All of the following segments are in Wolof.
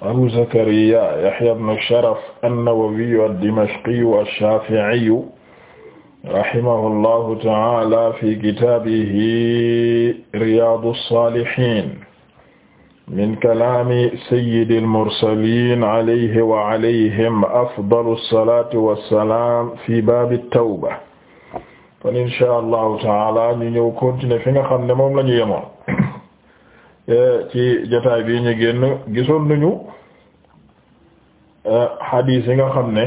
abu zakariya yahya ibn sharaf an-nawawiyu ad-dimashqiyu ash-shafi'iyu rahimahullahu ta'ala fi kitaabihi riyaadu saalihiin min kalaami sayyidil mursaliin alayhi wa alayhim afdalu salaati wa salaam fi baabi tawba kon incha allahu ta'ala ñu ñëw continuer fi nga xam ne moom la ñu yemoon Eh, ci jotaay bi ñu génn gisoon nañu eh, xadiis yi nga xam ne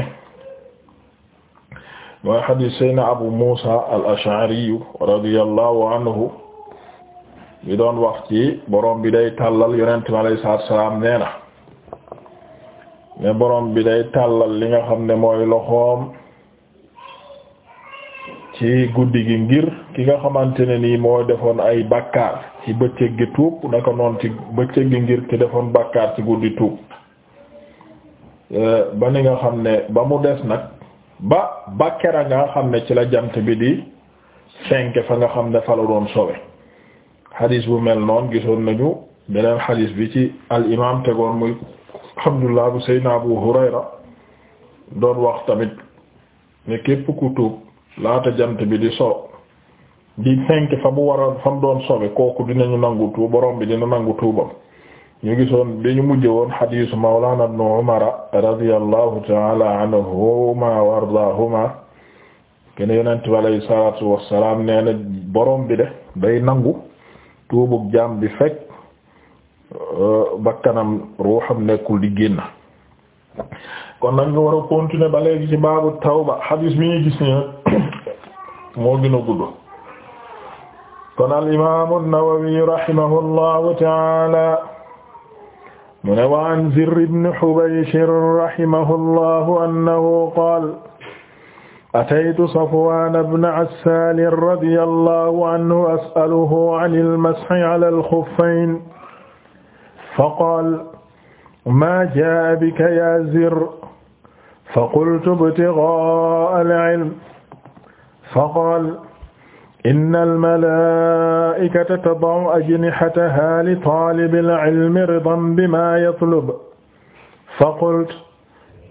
mooy xadiis sayna abu muusa al ashariyu radiyallahu anhu bi doon wax ci borom bi day tàllal yonent bi alayhi salaatu salaam nee na ne borom bi day tàllal li nga xam ne mooy loxoom ci guddi gi ngir ki nga xamante ne nii moo defoon ay bakkaar ci bëccëg gi tuub naka noonu ci bëccëg gi ngir ki defoon bàkkaar ci guddi tuub euh, ba ni nga xam ne ba mu des nag ba ba kera nga xam ne ci la jant bi di fenk fa nga xam ne fa doon sowe xadis bu mel noon gisoon nañu beneen xadis bi ci al imam tegoon muy Abdullah bu Seydina Abu Hurayra doon wax tamit ne képp ku tuub laata jant bi di so di fenk fa mu waroon fa mu doon sobe kooku dinañu nangu tuub bi dina nangu tuubam ñu gisoon bi ñu mujj woon xadiisu mawlana ibn umara radiyallahu taala anhuma wa ardaahuma kene yonent bi alayhi salaatu wassalaam nee na borom bi de day nangu tuubug jaam bi fekk euh, bakkanam ruuxam nekkul di génn kon nag nga war a continuer ba léegi ci baabu tawba xadiis bi ñuy gis nii moo gën a gudd kon al imaamu Nawawi rahimahullahu ta'ala mu ne wa an Zirr ibn Hubaysh rahimahullahu annahu qaala ataytu Safwaan ibn Assaal radiyallahu anhu as'aluhu 'an al-mashi 'ala al-khuffayn faqaala maa jaa'a bika yaa Zirr faqultu ibtighaa'a al-'ilm faqaala innal malaa'ikata tada'u ajnihataha li taalibil ilmi ridan bimaa yatlub faqultu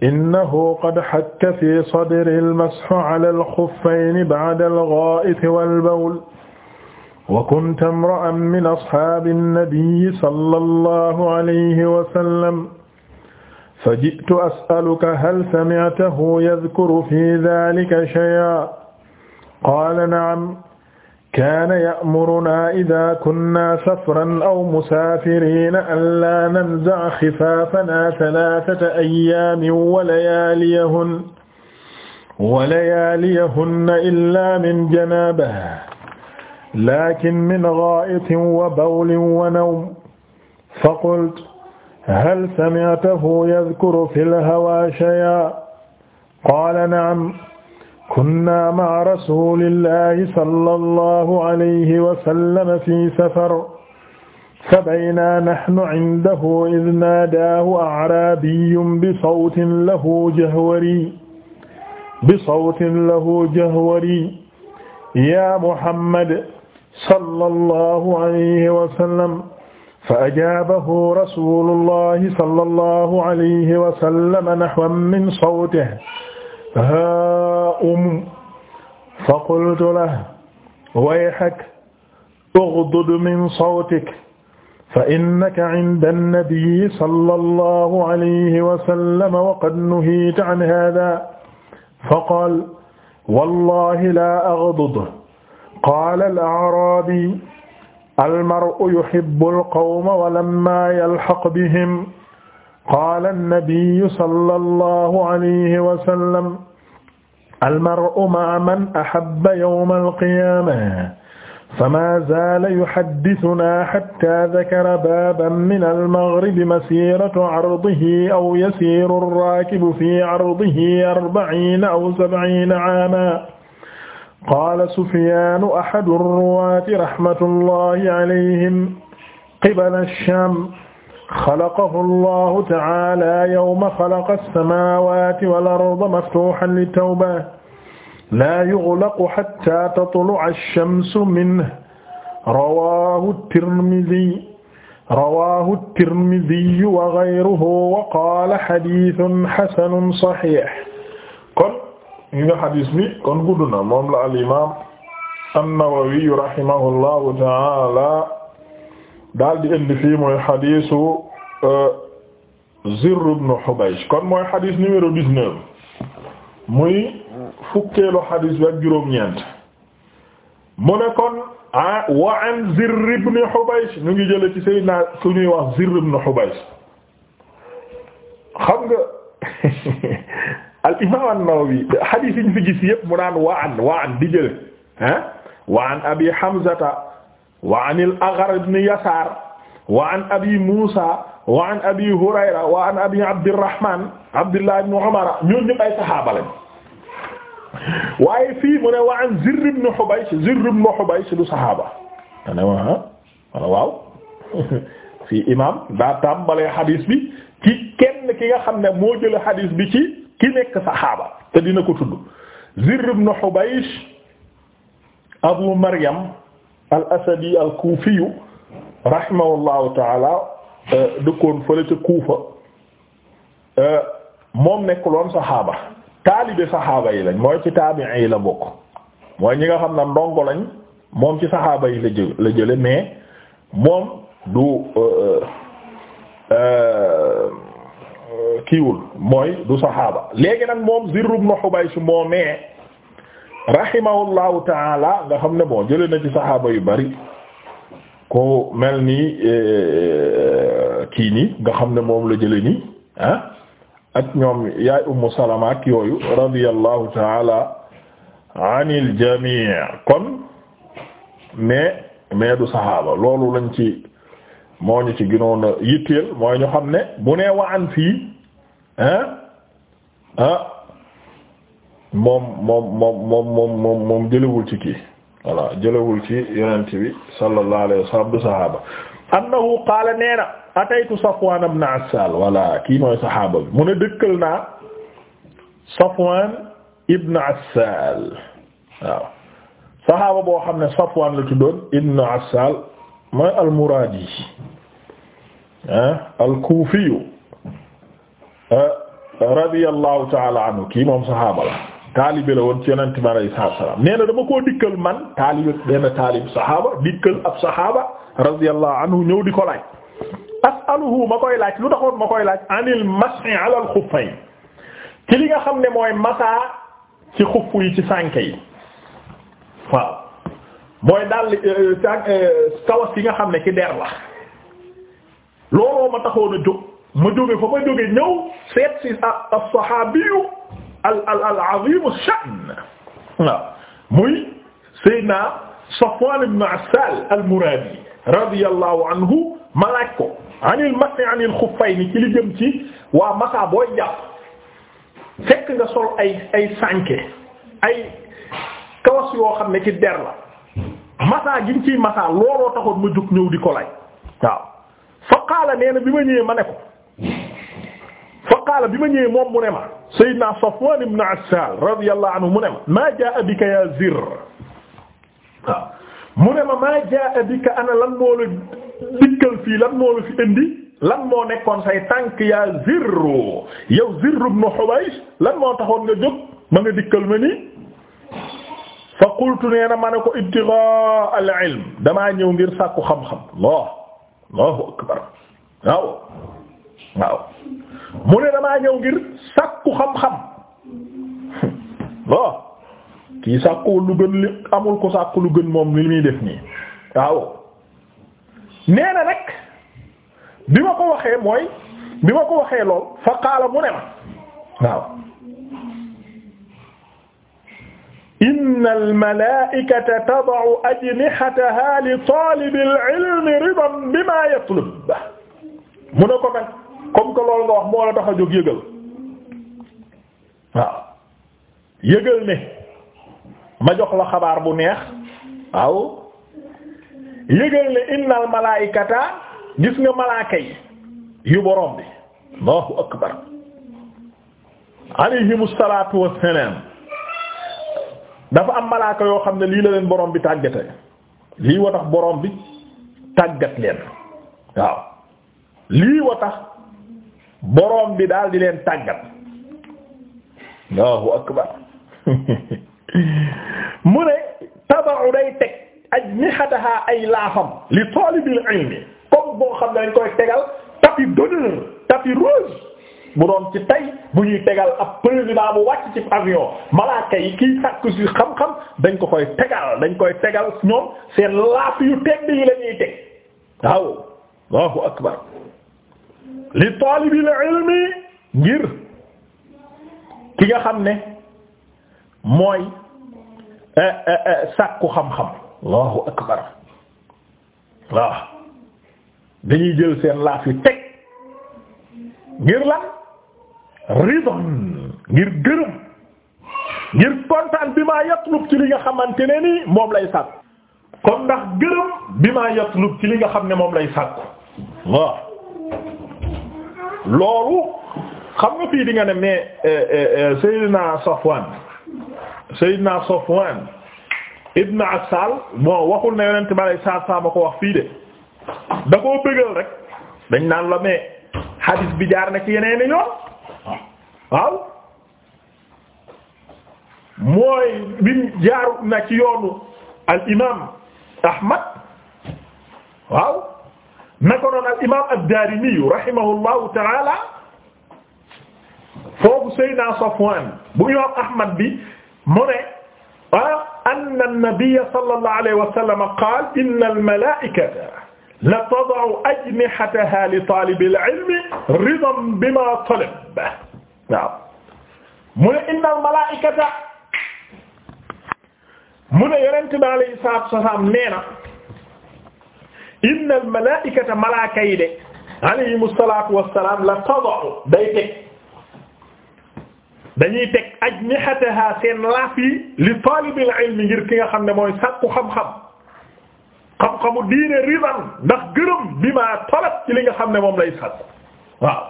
innahu qad hakka fi sadril mashu alal xuffayni ba'dal gaa'iti wal bawl wa kunta imra'an min ashaabin nabiyyi sallallahu alayhi wa sallam faji'tu as'aluka hal sami'tahu yadhkuru fi dhaalika shay'an qaala na'am kaana ya'muruna idaa kunna safran aw musaafiriina allaa nanza'a xifaafanaa salaasata ayyaamin wa layaaliyahunna wa layaaliyahunna illaa min janaabatin laakin min gaa'itin wa bawlin wa nawmin faqultu hal sami'tahu yadkuru fil hawaa shay'an qaala na'am kunna ma'a rasulillahi sallallahu alayhi wa sallam fi safar fabaynaa nahnu indahu iz naadaahu a'raabiyyun bisawtin lahu jahwari bisawtin lahu jahwari yaa Muhammad sallallahu alayhi wa sallam fa-ajaabahu rasuulullahi sallallahu alayhi wa sallam nahwan min sawtihi haa um fa qultu lahu wayhak ughdud min sawtik fa innaka inda an-nabiyyi sallallahu alayhi wa sallam wa qad nuhiita an haadha fa qaala wallahi laa aghdud qaala al-a'raabi al-mar'u yuhibbu al-qawma wa lammaa yalhaq bihim qaala annabiyu sallallahu alayhi wa sallam almaru ma'a man ahabba yawma alqiyaama famaa zaala yuhaddisunaa hattaa dakara baaban min almaghribi masiiratu ardihi aw yasiiru arraakibu fii ardihi arba'iina aw sab'iina aaman qaala sufyaanu ahadu arruwaati rahmatullahi alayhim qibala ashaam xalaqahu allahu ta'ala yawma xalaqa as-samaawaati wal arda maftuuhan lit-tawbah laa yughlaqu hattaa tatlu'a ash-shamsu minhu rawaahu at-Tirmidhi rawaahu at-Tirmidhi wa ghayruhu wa qaala hadiithun hasanun sahiih. kon ñu ngi xadis bi kon gudd na moom la al-imaam an-Nawawi rahimahullahu ta'ala daal di indi fii mooy xadiisu euh, Zirr ibn Hubaysh kon mooy xadiis numéro dix-neuf muy fukkeelu xadiis bi ak juróom-ñeent ah wa an Zirr ibn Hubaysh ñu ngi jële ci Seydina su ñuy wax Zirr ibn Hubaysh xam nga al imaam an-Nawawi xadiis yi mu naan wa an wa an di jële wa an Abi Hamzata wa an al-Agharr ibn Yasaar wa an Abi Muusa wa an Abi Hurayra wa an Abi Abdirrahmaan Abdullah ibn Umar ñooñu ñëpp ay saxaaba lañ waaye fii mu ne wa an Zirr ibn Hubaysh Zirr ibn Hubaysh du saxaaba dana wala waaw fii imaam daa tàmbalee xadiis bi ci kenn ki nga xam ne moo jële xadiis bi ci ki nekk saxaaba te dina ko tudd Zirr ibn Hubaysh Abu Maryam al asadi al kuufiyu rahimahullahu taala euh, dëkkoon fële ca Kuufa euh, moom nekkuloon saxaaba taalibe saxaaba yi lañ mooy ci taabiin yi la bokk mooy ñi nga xam na ndongo lañ moom ci saxaaba yi la la jële mais moom du euh, kiiwul mooy du saxaaba léegi nag moom Zirr ibn Hubaysh moomee rahimahullahu taala nga xam ne bon jëlee na ci saxaaba yu bari ku mel nii eh, kii nii nga xam ne moom la jëlee nii ah, ak ñoom yaay ummu salama ak yooyu radiyallahu taala anil jamii kon mais mais du saxaaba loolu lañ ci moo ñu ci gënoon a yitteel mooy ñu xam ne bu nee wa fii ah, ah moom moom moom moom moom moom moom jëlewul ci kii voilà jëlewul ci yonent bi sallallahu alayhi wa sallam du sahaaba annahu qaala nee na ataytu Safwan ibn Assal voilà kii mooy sahaaba bi mu ne dëkkal naa Safwan ibn Assal waaw sahaaba boo xam ne Safwan la tuddoon ibn Assal mooy al-Muradi ah al-Kufi ah, radiyallahu ta'ala anhu kii moom sahaaba la taalibe la woon ci yonent bi alayhi salaatu salaam dama koo dikkal man taalibe benn taalib saxaaba dikkal ab saxaaba radiyallahu anhu ñëw di ko laaj. as'aluhu ma koy laaj lu taxoon ma koy laaj anil mas'i ala al xuffayn ci li nga xam ne mooy masaa ci xuff yi ci sànke yi waaw mooy daal euh, euh, kawas yi nga xam ne ci der la looloo ma taxoon a jóg ma jóge fa ma jóge ñëw seet si as-saxaabiyu al al al azim ash-sha'n waaw muy Seydina Safwan ibn Assal al-Muradi radiyallahu anhu ma laaj ko anil masni anil ci li jëm ci waa masa booy jàpp fekk nga sol ay ay ay kawas yoo xam ne ci der la masa gi ñu ciy masa looloo taxoon ma jóg ñëw di ko lay waaw fa qaala nee na bi ma ñëwee ma ne ko fa qaala bi ma ñëwee moom mu ne ma Seydina Safwan ibn Assal radiyallahu anhu mu ne ma maa jaa bika yaa Zirr waaw mu ne ma maa jaa bika ana lan moo la dikkal fii lan moo la fi indi lan moo nekkoon say tànk yaa Zirr yow Zirr ibn Hubaysh lan moo taxoon nga jóg ma nga dikkal ma nii. Fa qultu nee na ma ne ko ibtighaa al-ilm damaa ñëw ngir sàkku xam-xam Allah Allahu akbar waaw waaw. mu ne damaa ñëw ngir sakku xam-xam bon kii sakku lu gën li amul ko sakku lu gën moom li muy def nii waaw nee na nag bi ma ko waxee mooy bi ma ko waxee lool fa qaala mu ne ma waaw. inna al-malaa'ikata tada'u ajnihataha li taalibil ilmi ridan bimaa yatlub mu ne ko nag. comme que loolu nga wax moo la tax a jóg yëgal waaw yëgal ne ma jox la xabaar bu neex waaw yëgal ne innal malaayikata gis nga malaaka yi yu borom bi Allahu akbar alayhimu salaatu wassalaam dafa am malaaka yoo xam ne lii la leen borom bi tàggate lii wa tax borom bi tàggat leen waaw lii wa tax boroom bi daal di leen tàggat Allahu akbar mu ne tabaru day teg ajnihataha ay laafam li talibil ilmi comme boo xam ne dañ koy tegal tapis d'honneur tapis rouge bu doon ci tey bu ñuy tegal ab président bu wàcc ci avion malaaka yi kiy sàkk ci xam-xam dañ ko koy tegal dañ koy tegal ñoom seen laaf yu tedd yi la ñuy teg waaw Allahu akbar li taalibil ilmi ngir ki nga xam ne mooy eh, eh, eh, sàkku xam-xam allahu akbar waaw dañuy jël seen laaf yi teg ngir la ridon ngir gërëm ngir kontaan bi maa yatlub ci li nga xamante ne ni moom lay sàkku kon ndax gërëm bi maa yatlub ci li nga xam ne moom lay sàkku waaw loolu xam nga fii di nga ne mais euh, euh, euh, Seydina Safwan Seydina Safwan ibn Assal bon waxul na yonent ma lay saa saa ma ko wax fii de da koo rek dañ naan la mais hadith bi jaar na ci yeneen i ñoom waaw mooy bi jaar na ci yoonu al imaam Ahmad waaw. nako noon al imam ad-Daarimi rahimahullahu taala foofu Seydina Safwan bu imam Ahmad bi mu ne ah anna an-nabiyya sallallahu alayhi wa sallam qaala inna al-malaa'ikata la tada'u ajnihataha li taalibi al-ilmi ridan bima talaba waaw mu ne inna al-malaa'ikata mu ne yonent bi alayhi salaatu wa salaam nee na inna al malaa'ikata malaaka yi de alayhimu salaatu wassalaam la tada'u day teg dañuy teg ajnihataha seen laaf yi li taalibil ilmi ngir ki nga xam ne mooy sàkku xam-xam xam-xamu diine ridan ndax gërëm bi ma talab ci li nga xam ne moom lay sàkku waaw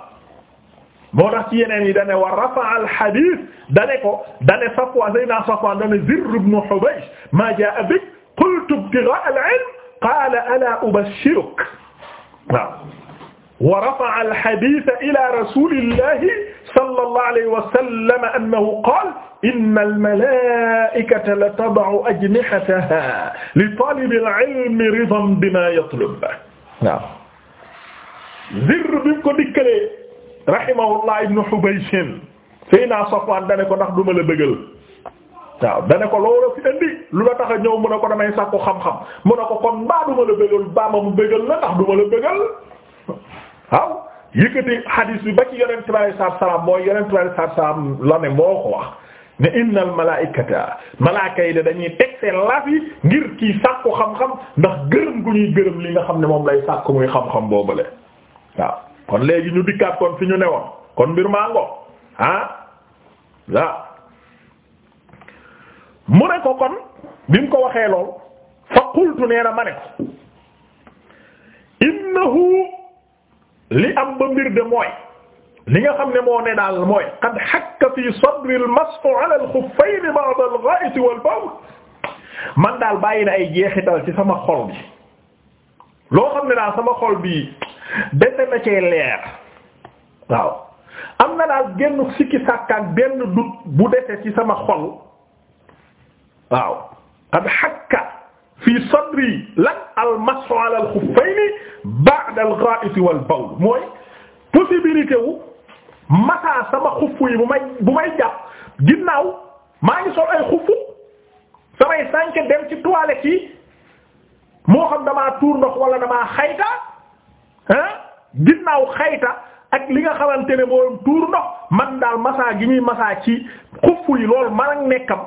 moo tax ci yeneen yi dane wa rafa'a al-hadith dane ko dane Safwan sayna Safwan dane Zirr ibn Hubaysh ma jaa'a bik qultu ibtigha'a al-ilm qaala alaa ubashiruk waaw wa rafa'a al-hadiisa ilaa rasuulillaahi sallallaahu alayhi wa sallam annahu qaala inna al-malaa'ikata latada'u ajnihatahaa li taalibi al-'ilmi ridan bimaa yatlub waaw Zirr bi mu ko dikkalee rahimahullaah ibn Hubaysh Seyna Safwaan dane ko ndax duma la bëggal waaw dana ko looloo fi indi lu la tax a ñëw mun a ko damay sàkku xam-xam mun a ko kon mbaa duma la bëggal mbaa ma mu bëggal la ndax duma la bëggal waaw yëkkati hadis bi ba ci yonent bi alayhi salaatu salaam mooy yonent bi alayhi salaatu salaam la ne moo ko wax ne innal malaa'ikata malaaka yi dañuy teg seen laaf yi ngir kii sàkku xam-xam ndax gërëm gu ñuy gërëm li nga xam ne moom lay sàkku muy xam-xam boobale waaw kon léegi ñu dikkaat kon fi ñu newoon kon mbir maa mu ne ko kon bi mu ko waxee lool fa qultu nee na ma ne ko innahu li am ba mbir de mooy li nga xam ne moo ne daal mooy qad hakka fi sadri al mas'u ala al khuffayn ba'd al gha'it wal bawl man daal bàyyi na ay jeexital ci sama xol bi loo xam ne daal sama xol bi dese na cee leer waaw am na daal genn sikki sàkkaan benn dut bu dese ci sama xol waaw qad hakka fi sadri lan almasu ala alxuffayni ba'da algha'it wal bawl mooy possibilité masaa sama xuff yi bu may bu may jàpp ginnaaw maa ngi sol ay xuff samay sànk dem ci toilette yi moo xam damaa tuur ndox wala damaa xayta ah ginnaaw xayta ak li nga xamante ne mooy tuur ndox man daal masaa gi ñuy masaa ci xuff yi loolu man ak nekkam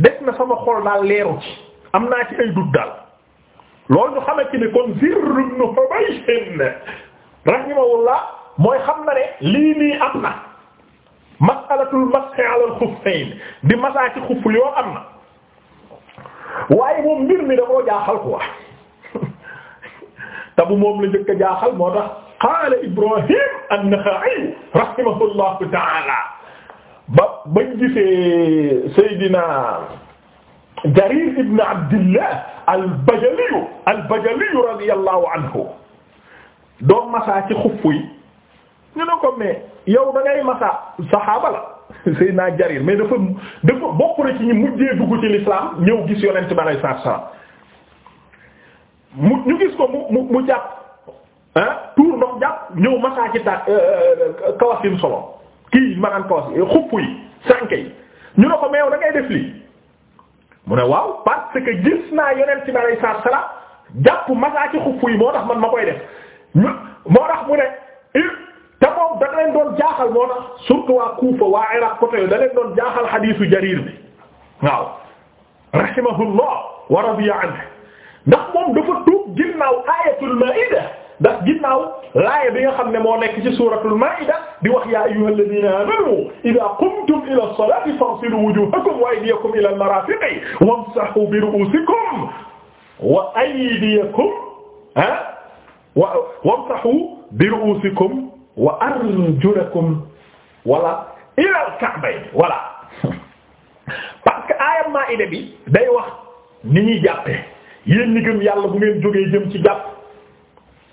def na sama xool daal leeru ci am naa ci ay dut daal loolu ñu xamante ne kon Zirr ibn Hubaysh rahimahullah mooy xam na ne lii nii am na mas'alatul mashi ala al-khuffayn di masaa ci xuff yoo am na waaye moom mbir mi da koo jaaxal quoi tabu moom la njëkk jaaxal moo tax qaala Ibrahim an-Nakha'i rahimahullahu ta'ala ba bañ gisee Seydina Jarir ibn Abdillah al-Bajali al-Bajali radiyallahu anhu doon masaa ci xuf yi ñu ne ko mais yow da ngay masaa saxaaba la Seydina Jarir mais dafa dafa bokk na ci ñi mujjee dugg ci l'islam ñëw gis yonent bi alayhi salaatu salaam mu ñu gis ko mu mu mu jàpp tuur ndox jàpp ñëw masaa ci ta euh, euh, kawasin solo. kii maanaam kawas xupp yi sànk yi ñu ne ko meew da ngay def mu ne waaw parce que gis naa yonent bi alayhi salaatu salaam jàpp masaa ci xupp yi moo tax man ma koy def moo tax mu ne te moom da leen doon jaaxal moo tax surtout waa Kuufa waa Iraq côté yooyu da leen doon jaaxal xadiisu Jarir bi waaw rahimahullah wa radiya anhu ndax moom dafa tuub ginnaaw aayatul maa'ida ndax ginnaaw laaya bi nga xam ne moo nekk ci suuratul maa'ida di wax yaa ayyuhal ladiina aamanu idaa qumtum ilaa salaati fagsiluu wujuuhakum wa aydiyakum ilal maraafiqi wamsahuu bi ru'uusikum wa aydiyakum ah wa wamsahuu bi ru'uusikum wa arjulakum wala ilal ka'bayni wala parce que aaya maa'ida bi day wax ni ñuy jàppee yéen ñi gëm yàlla bu ngeen jógee jëm ci jàpp.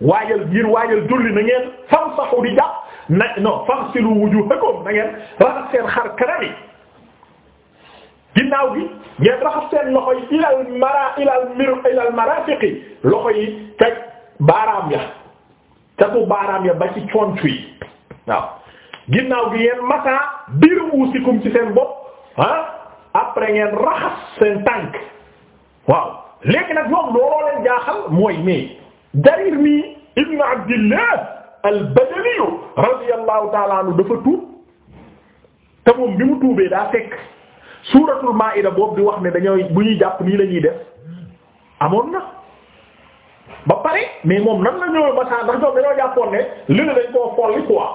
waajal ngir waajal julli na ngeen famsahu di jàpp na non famsilu wujuhakum gi ngeen raxas loxo yi ilal mara ilal loxo yi ca baaraam ya ca bu baaraam ya ba ci concu yi waaw ginnaaw gi ngeen masaa biir uusikum ci seen bopp ah après ngeen raxas tànk waaw léegi nag ñoom jaaxal mooy mais jarir mi ibn abdillah al-Badali radiyallahu ta'ala dafa tuub te moom bi mu tuubee daa fekk suuratul Maa'ida boobu di wax ne dañooy bu ñuy jàpp nii la ñuy def amoon na ba pare mais moom nan la ñëwee ba saa ndax ñoom dañoo jàppoon ne léegi dañ koo folli quoi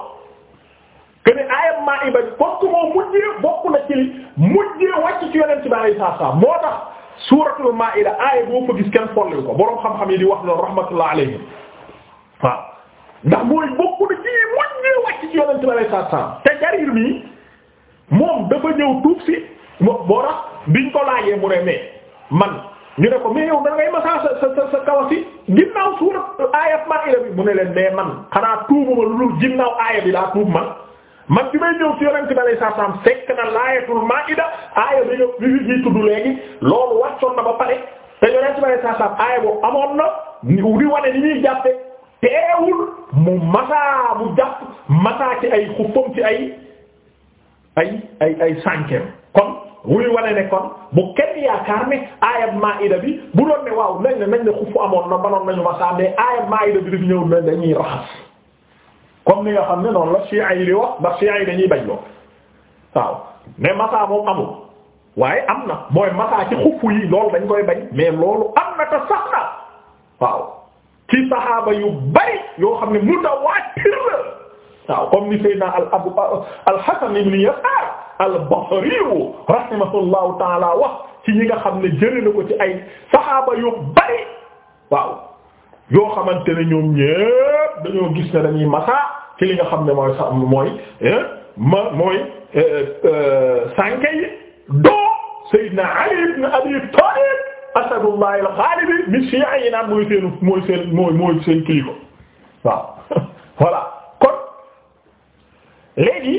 que ne aayam Maa'ida bokk moo mujjee bokk na ci li mujjee wàcc ci yeneen ci baa yi saa saa moo tax suuratul Maa'ida aaya boo fa gis kenn folli ko boroom xam-xam yi di wax noonu rahmatullah alayhim waaw ndax mooy bokku na ci moñ ñee ci yonent bi alayhi te Jarir mi moom dafa ñëw tuub si moo moo tax biñ ko laajee mu ne mais man ñu ne ko mais yow da ngay sa sa sa kawas yi ginnaaw suura bi mu ne leen mais man xanaa tuubuma lu dul ginnaaw bi laa tuub man man ci may ñëw ci yonent bi alayhi salaam fekk na laayatul Maa'ida aaya bi ñu bi ñu tudd léegi loolu wàccoon na ba pare te yonent bi alayhi salaam aaya boobu amoon na di wane ni ñuy jàppe teewul mu masaa bu jàpp masaa ci ay xuppam ci ay ay kon wuy wane ne kon bu kenn yaakaar ne aayat Maa'ida bi bu doon ne waaw nañ ne nañ ne xupp amoon na manoon nañu masaa mais aayat Maa'ida bi dafi ñëw na dañuy raxas comme ni nga xam ne noonu la ci ay di wax ndax chiites yi dañuy bañ loo waaw mais masaa moom amul waaye am na mooy masaa ci xupp yi loolu dañ koy bañ mais loolu am na te sax ci saxaaba yu bari yoo xam ne mutawaatir la waaw comme ni Seydina al abu al Hasan ibn Yasaar al Basri rahimahullahu taala wax ci ñi nga xam ne jëlee na ko ci ay saxaaba yu bari waaw yoo xamante ne ñoom ñépp dañoo gis ne dañuy masaa ci li nga xam ne mooy sa mooy ma mooy euh, euh, sànke yi doo Seydina Ali ibn Abi Talib asadullahi alxaalidi mi siyaa yi naan mooy seen mooy seen mooy mooy seen kilifa waaw voilà kon léegi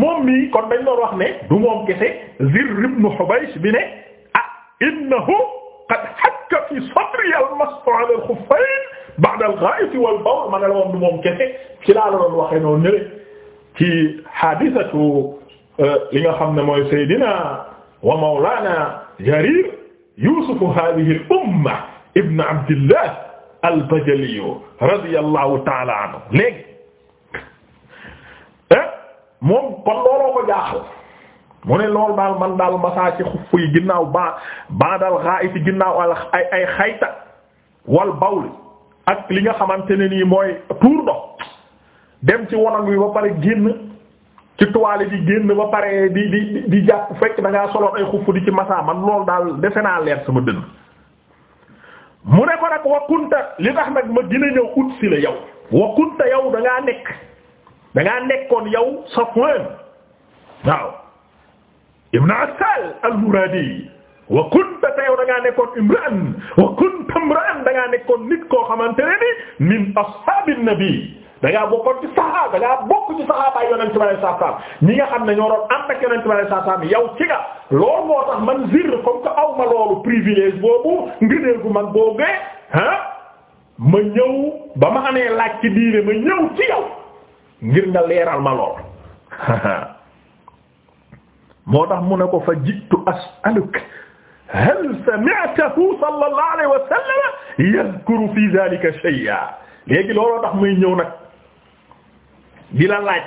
moom mii kon dañ doon wax ne du moom kese Zirr ibn Hubaysh bi ne ah innahu qad hakka fi sadri al-mas'u ala al-khuffayn ba'da al-gha'it wal-bawl ma ne la woon du moom kese ci laa la doon waxee noonu ne ci hadisatu euh, li nga xam ne mooy Seydina wa mawlaana jarir yusufu hadihi al umma ibn abdillah al bajali radiyallahu ta'ala anhu léegi eh, moom kon looloo ko jaaxal mu ne loolu daal man daal masaa ci xuff yi ginnaaw ba baadal xaayiti ginnaaw al ay ay xayta wal bawli ak li nga xamante ne nii mooy tuur ndox dem ci wanag wi ba pare génn ci toile di génn ba pare di di di jàpp fekk da ngaa soloon ay xuff di ci masaa man lool daal defe naa leer sama dënn mu ne ko nag kunta li tax nag ma gën a ñëw ut si la yow wa kunta nekkoon yow Safwan waaw ibn Asal al-Muradi kunta te yow da nekkoon imra'an wa kunta imra'an da nekkoon nit koo xamante ne ni min ashabin nabi da ngaa bokkoon ci saxaaba da ngaa bokk ci saxaaba yonent bi alayhi salaam ñi nga xam ne ñoo doon ànd ak yonent bi alayhi salaam yow ci nga loolu moo tax man zirr comme que aw ma loolu privilège boobu ngëneel gu mag boobu ah ma ñëw ba ma amee laaj ci diine ma ñëw ci yow ngir nga leeral ma lool moo tax mu ne ko fa jiitu as'aluka hal sami'tahu sallallahu alayhi wa sallam yadhkuru fi dhalika shay'a léegi looloo tax muy ñëw nag. di la laaj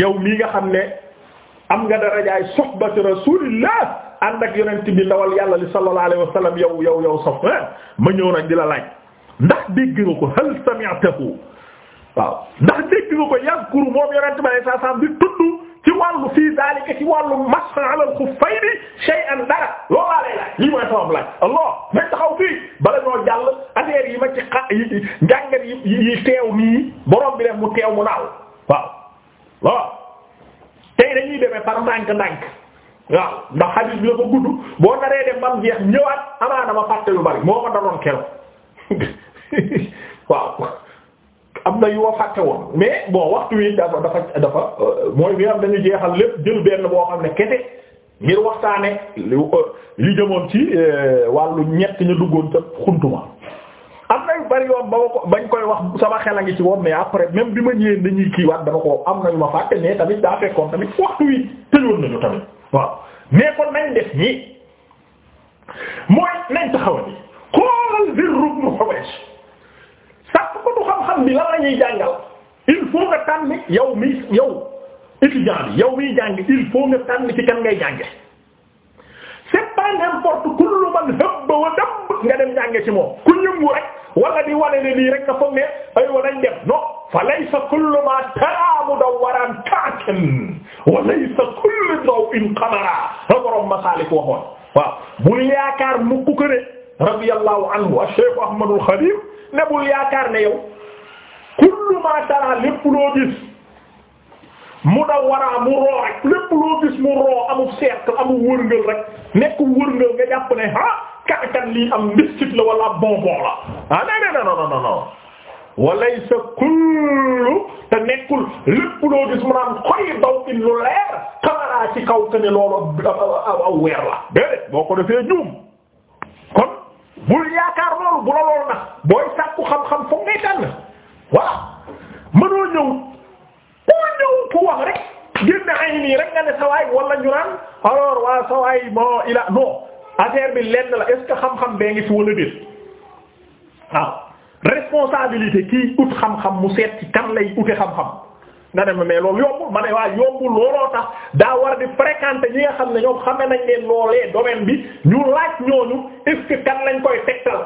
yow mi nga xam ne am nga darajaay sohbati rasulillah ànd ak yonent bi ndawal yàlla li sallallahu alayhi wa yow yow yow Safwan ma ñëw nañ di la laaj ndax dégg nga ko hal sami'tahu waaw ndax dégg nga ko yadhkuru moom yonent bi sallallahu alayhi wa sallam wàllu fii daalika ci wàllu mash ala al xuffayni lay lii mooy sama laaj allah nañ taxaw fii bala ñoo jàll affaire yi ma ci xa yi teew nii borom bi def mu teew mu naaw waaw waaw tey dañuy demee par ndànk-ndànk waaw ndax hadith bi la ko boo naree dem bam jeex ñëwaat amaana ma fàtte lu bari moo ma daloon keroog waaw. am na yoo fàtte woon mais bon waxtu wi dafa dafa dafa euh, mooy bi dañu jeexal lépp jël benn boo xam ne kese ngir waxtaane li euh, jëmoon ci euh, wàllu ñett ñu duggoon ca xuntuma am na yu bari yoon ba ko bañ koy wax sama xel a ngi ci woon mais après même bi ma ñëwee dañuy kiiwaat dafa ko am na yu ma fàtte mais tamit daa fekkoon tamit waxtu wi tëjoon nañu tamit waaw mais kon nañ def nii mooy nañ taxawal xoolal biir ruub mu xawees sàkkatu xam-xam bi lan la ñuy jàngal il faut nga tànn yow mi yow étudiant bi yow miy jàng il faut nga tànn ci kan ngay jànge c'est pas n'importe kullu man habba wa dabb nga dem jànge ci moom ku ñëngu rek wala di wane ne nii rek nga foog ne ay walañ dem non fa laysa kullu ma tara mudawwaran kaakan wa laysa kullu daw'in qamara borom masaalik waxoon waaw bul yaakaar mukk ko ne radiyallahu anhu ash-shaykh ahmadul xadim ne bul yaakaar ne yow kullu ma tara lépp loo gis mu da waraa mu roo rek lépp loo gis mu roo amul cercle amul wërngal rek nekk wërngal nga jàpp ne ah karkan lii am biscuit la wala bonbon la ah non non non non walaysa kullu te nekkul lépp loo gis mu naan xoy daw in leer xamaraa ci kaw te ne loolu aw weer la déedéet boo ko defee juum bul yaakaar loolu bu la loolu nag booy sàkku xam-xam foog ngay tànn voilà mënoo ñëw koo ñëw wax rek génn ay nii rek nga ne sawaay wala ñu naan waa sawaay moo ila non affaire bi lenn la est-ce que xam-xam bee ngi fi wala déet waaw responsabilité kii ut xam-xam mu seet ci kan lay ute xam-xam nga ne ma mais loolu yombul ma ne waa yombul looloo tax daa war di fréquenter ñi nga xam ne ñoom xame nañ leen loolee domaine bi ñu laaj ñooñu est-ce lañ koy tegtal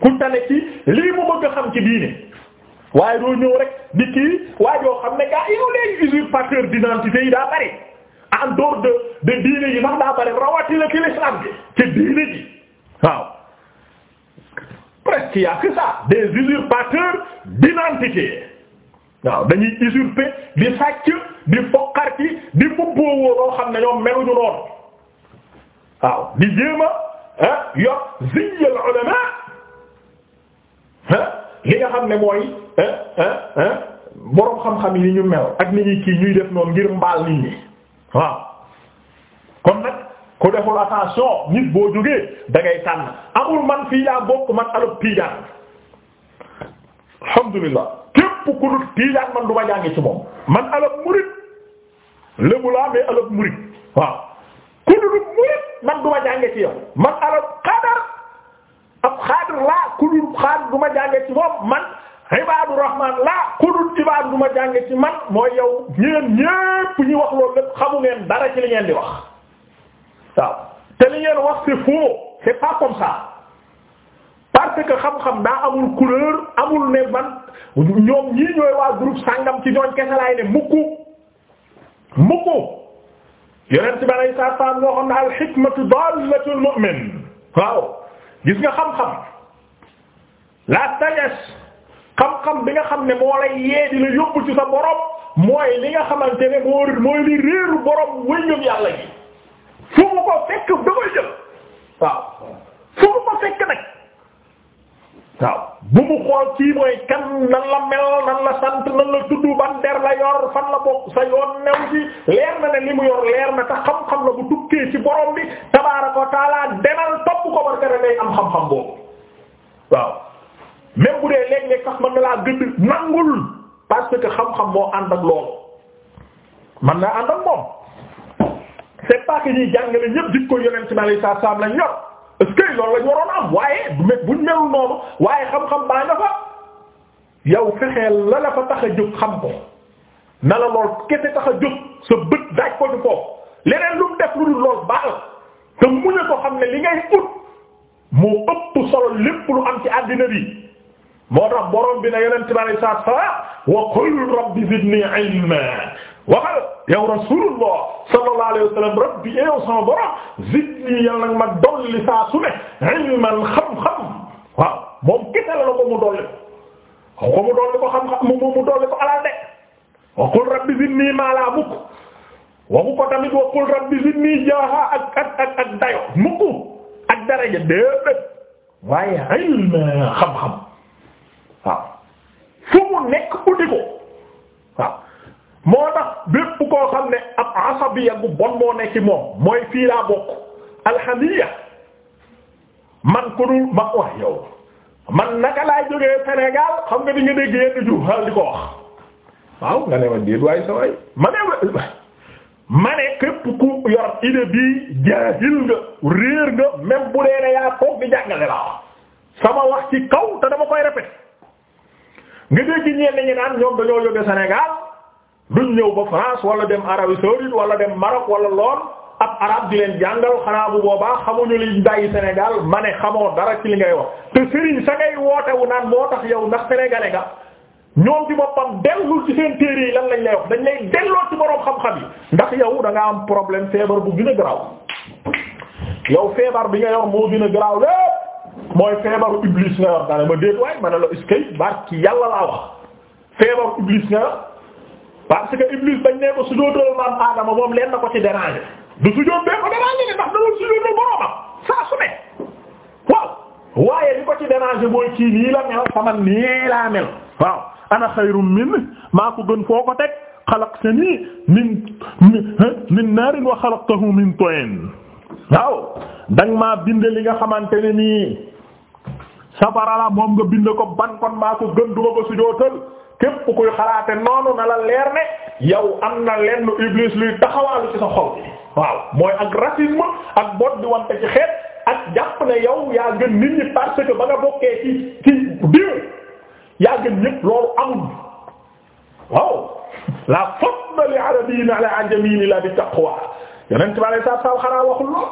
ku tane ci lii mu bëgg xam ci diine waaye doo ñëw rek di kii waaye yoo xam ne gaa yow leen usurpateur d'identité yi daa bari en dehors de de diine yi ndax daa bari rawatina ci l'islam bi ci diine ji waaw presque y a que ça des usurpateurs d'identité waaw dañuy usurper di sàcc di foqarti di bubboowoo loo xam ne ñoom meluñu noonu waaw di jéema ah yor ziyyal ulama ah, li nga xam ne mooy ah, ah, boroom xam-xam yi ñu mel ak nit ñi kii ñuy def noonu ngir mbaal nit ñi waaw kon nag ku deful attention nit boo jógee da ngay tànn amul man fii laa bokk man alop pii daan alhamdulillah képp ku dul tiijaan man du ma ci moom man alab murid lébu laa mais alab murid waaw ku dul murid man du ma jàngi ci yow man alab xaadar ab xaadar laa ku dul xaadar du ma jàngi ci moom man ibaadu rahmaan laa ku dul ibaad du ma jàngi ci man mooy yow ñeen ñépp ñu wax loolu lépp xamu ngeen dara ci li ngeen di wax waaw te li ngeen wax c'est faux c'est pas comme ça parce que xam-xam daa amul couleur amul ne man ñoom ñii waa groupe sàngam ci ñooñ kese laay ne mukku mukku yonent bi alay saa salaam ñoo xam ne al hikmatu dallatul mu'min waaw gis nga xam-xam la sagesse xam-xam bi nga xam ne moo lay la yóbbu ci sa mooy li nga xam ne moo mooy li réeru borom wëññëm yàlla gi fu mu ko fekk da koy jël waaw fu mu ko fekk nag waaw bu mu xool kii mooy kan nan la mel nan la sant nan la tudd ban der la yor fan la bokk sa yoon new ci leer na ne li mu yor leer na te xam-xam la bu tukkee ci borom bi tabaaraka wa taala demal topp ko ba dara day am xam-xam boobu waaw même bu dee léeg-léeg sax mën na laa gëdd nangul parce que xam-xam moo ànd ak loolu man naa ànd ak moom c'est pas que ñuy jàngale ñépp jikko yonent bi sallallahu alayhi wasallam la est-ce que loolu la waroon am waaye bu mel buñ melul noonu waaye xam-xam baa nga fa yow fexeel la la fa tax a xam ko na la lool kese tax a jóg sa bët daaj ko du foofu leneen lu mu def lu dul lool baal te muñ a ko xam ne li ngay ut moo ëpp solo lépp lu am ci àddina bi moo tax borom bi na yonent bi sallallahu alayhi wa sallam wa qul rabbi zidni ilma waxal yow rasulullah sallallahu alayhi wa sallam rabbi nag ma dolli saa su ko mu dolli mu dolli ko xam-xam mu mu dolli ko alal de wa qul rabbi zidni mala mukk waxu ko tamit wa qul rabbi zidni jaaha ak ak ak ak dayo mukk ak daraja déedéet waaye ilma xam-xam waaw fu nekk uti ko moo tax bépp koo xam ne ab asabiya gu bon moo nekk ci moom mooy fii laa bokk alhamdulilah man ku dul ma wax yow man naka laay jógee Sénégal xam nga di nga dégg yenn ju xaal di ko wax waaw nga ne ma déet waaye sa waay ma ne ma ne képp ku yor idée bii jaahil nga réer nga même bu dee ne yaa toog di jàngale laa wax sama wax ci kaw te dama koy répéter nga dégg ñenn ñi naan ñoom dañoo jóge Sénégal. du ñëw ba France wala dem Arabie saoudite wala dem Maroc wala lool ab arab di leen jàngal xaraabu bu boobaa xamuñu liñ bàyyi Sénégal ma ne xamoo dara ci li ngay wax te Serigne sa ngay wootewu naan moo tax yow ndax sénégalais nga ñoom ci boppam dellu ci seen téere yi lan lañ lay wax dañ lay delloo ci boroom xam-xam yi ndax yow da am problème feebar bu gina a garaaw feebar bi nga yor moo gën a lépp mooy feebaru ublis nga yor daane ma déet waay ma ne la iskay barki yàlla laa parce que Iblis bañ ne ko sujjóotal maam Adama moom leen na ko ci déranger du sujjóot bee ko déranger ne ndax dawul sujjóotal boroomam saa su waaw waaye li ko ci déranger mooy kii nii la mel sama nii laa mel waaw ana xayrun min maa ko gën foo ko teg xalaqtani min min naarin wa xalaqtahu min tiin waaw dang maa bind li nga xamante ne nii safara la moom nga bind ko ban kon maa ko gën duma ko sujjóotal képp kuy xalaate noonu na la leer ne yow am na lenn iblis luy taxawaalu ci sa xol waaw mooy ak racisme ak bot di wante ci xeet ak jàpp ne yow yaa gën nit ñi parce que ba nga bokkee ci ci diw yaa gën ñépp loolu amul waaw la fadla li arabiyyin ala ajamiyyin illa bi taqwa yeneen ci bale sa saw xanaa waxul lool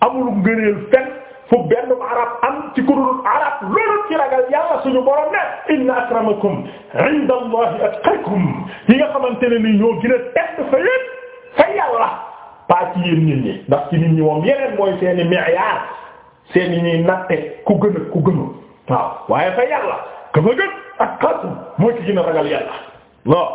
amul ngëneel fenn fu benn arab am ci kudul arab loolu ci ragal yàlla suñu borom inna akramakum inda allahi atqakum yi nga xamante ne ni ñoo gën a tedd fa yéen fa yàlla pas ci yéen nit ñi ndax ci nit ñi moom yeneen mooy seeni miyaar seeni ñuy ku gën ku gënul waaye fa yàlla ka fa gën atqakum mooy ci gën a ragal yàlla non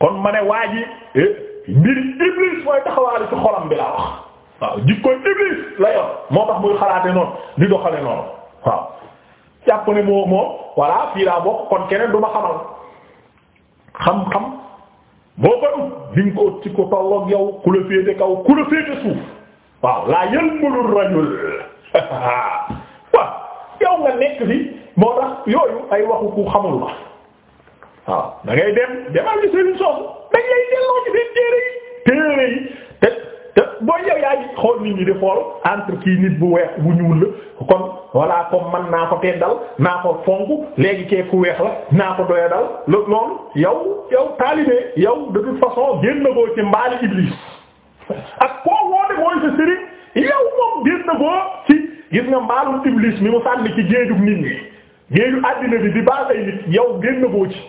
kon ma ne waa ji eh, mbiri iblis mooy taxawaale ci xolam bi laa wax waaw jikko iblis la yor moo tax muy xalaate noonu di doxale noonu waaw jàpp ne moo moom voilà fii kon keneen du ma xamal xam-xam boo ko di nga ko ci ko tolloog yow ku la féete kaw ku la féete suuf waaw laa yalmulul rajul waaw yow nga nekk fi moo tax yooyu ay waxu ku xamul la waaw da dem demal li sëriñ soosu dañ delloo ci seen téere yi téere yi te booy yow yaay xool nit ñi di xool entre kii nit bu weex bu ñuul la kon voilà comme man naa ko teddal naa ko fonk léegi kee ku weex la naa ko doya dal loolu yow yow taalibe yow de toute façon génn boo ci mbaali iblis ak koo woote mooy sa sëriñ yow moom génn boo ci gis nga mbaalum iblis mi mu sànni ci géejug nit ñi géeju àddina bi di baal ay nit yow génn boo ci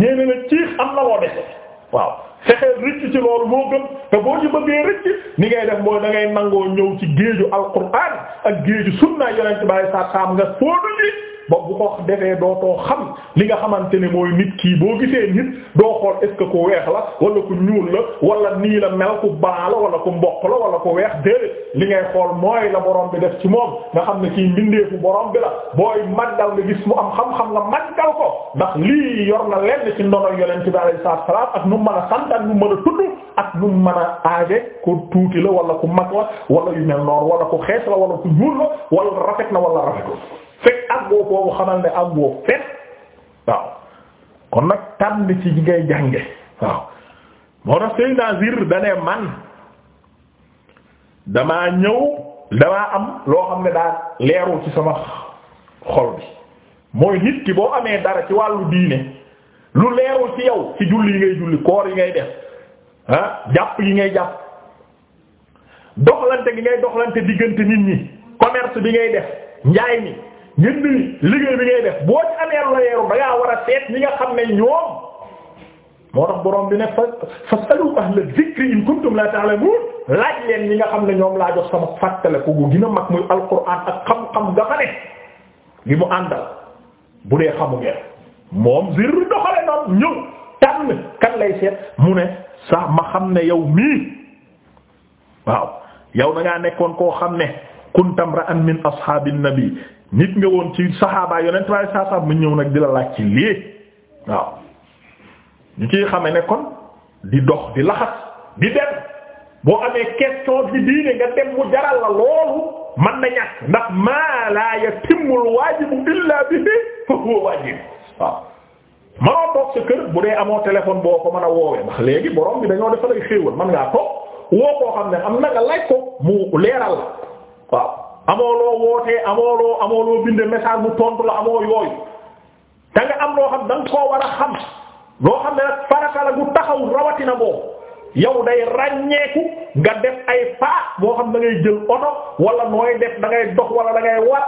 ñeene na ciix am na loo dese waaw fexeel rëcc ci loolu moo gën te boo ci bëggee rëcc ni ngay def mooy da ngay nangoo ñëw ci géeju alquran ak géeju sunna yonent bi sallallahu alayhi wasallam nga fóotu ji ba bu ko defee dootoo xam li nga xamante ne mooy nit kii boo gisee nit doo xool est-ce ku weex la wala ku ñuul la wala nii la mel ku baa wala ku mboq la wala ku weex déedéet li ngay xool mooy la borom bi def ci moom nga xam ne kii mbindeefu borom bi la booy màggal nga gis mu am xam-xam nga màggal ko ndax lii yor na lenn ci ndono yonent bi alayhi salaatu salaam ak nu mën a sant ak mën a tudd ak nu mën a aaje ku tuuti la wala ku mag la wala yu mel noonu wala ku xees la wala ku ñuul la wala rafet na wala rafetul fekk ak boo foofu xamal ne ak boo fekk waaw kon nag tànn ci ñi ngay jànge waaw moo tax Seydina Zir da man damaa ñëw damaa am loo xam ne daa leerul ci sama xol bi mooy nit ki boo amee dara ci wàllu diine lu leerul ci yow ci julli yi ngay julli koor yi ngay def ah jàpp yi ngay jàpp doxlante gi ngay doxlante diggante nit ñi commerce bi ngay def njaay mi njënd liggéey bi ngay def boo ci amee la yeeru da ngaa war a seet ñi nga xam ne ñoom moo tax boroom bi ne fa fasalu ahla dhikri in kuntum la ta'lamun laaj leen ñi nga xam ne ñoom laa jox sama fàttale ko gi gën mag muy alquran ak xam-xam dafa ne mu àndal bu dee xamu ngeen moom zir doxale noonu ñëw tànn kan lay seet mu ne sax ma xam ne yow mii waaw yow da ngaa nekkoon koo xam ne kuntam ra'an min ashabin nabi nit nga woon ci saxaabaa yonent waaye saasaab mu ñëw nag di la laaj ci lii waaw ñu ciy xame ne di dox di laxas di dem boo amee question ci diine nga dem mu jaral la loolu man na ñàkk ndax maa laa yatimmul waajibu illaa bihi fa huwa waajib toog sa kër bu dee amoo téléphone boo ko man a woowee ndax léegi borom bi dañoo defal ay xéewal ngaa toog woo koo xam ne am na nga laaj ko mu leeral la waaw amoo loo wootee amoo loo amoo loo bindee message mu tontu la amoo yooyu da nga am loo xam da nga koo war a xam loo xam ne nag farata bu taxaw rawatina boobu yow day ràññeeku nga ay pas boo xam da ngay jël oto wala nooy def da ngay dox da ngay war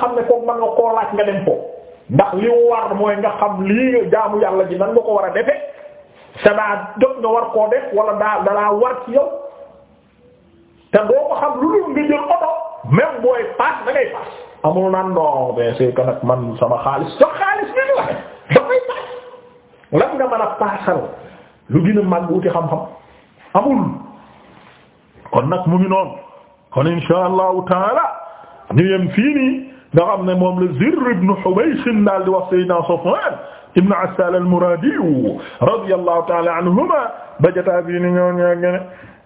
xam ne kooku mën nga koo laaj nga dem ko ndax li war mooy nga xam lii nga jaamu yàlla ji nan nga ko war a defee sa daa jot nga war koo def wala daa dalaa war ci yow. te doo xam lu dul nga jël oto booy paas da ngay paas amul naan non man sama xaalis sa xaalis bi ñu waxe da koy lu gën a màgg xam-xam amul kon nag mu ngi noonu kon insha allahu taala ñu yem fii nii nga xam ne moom la Zirr ibn Hubaysh daal di wax Seydina Safwan ibn al-Muradi radiyallahu taala anhuma ba jotaay bii ni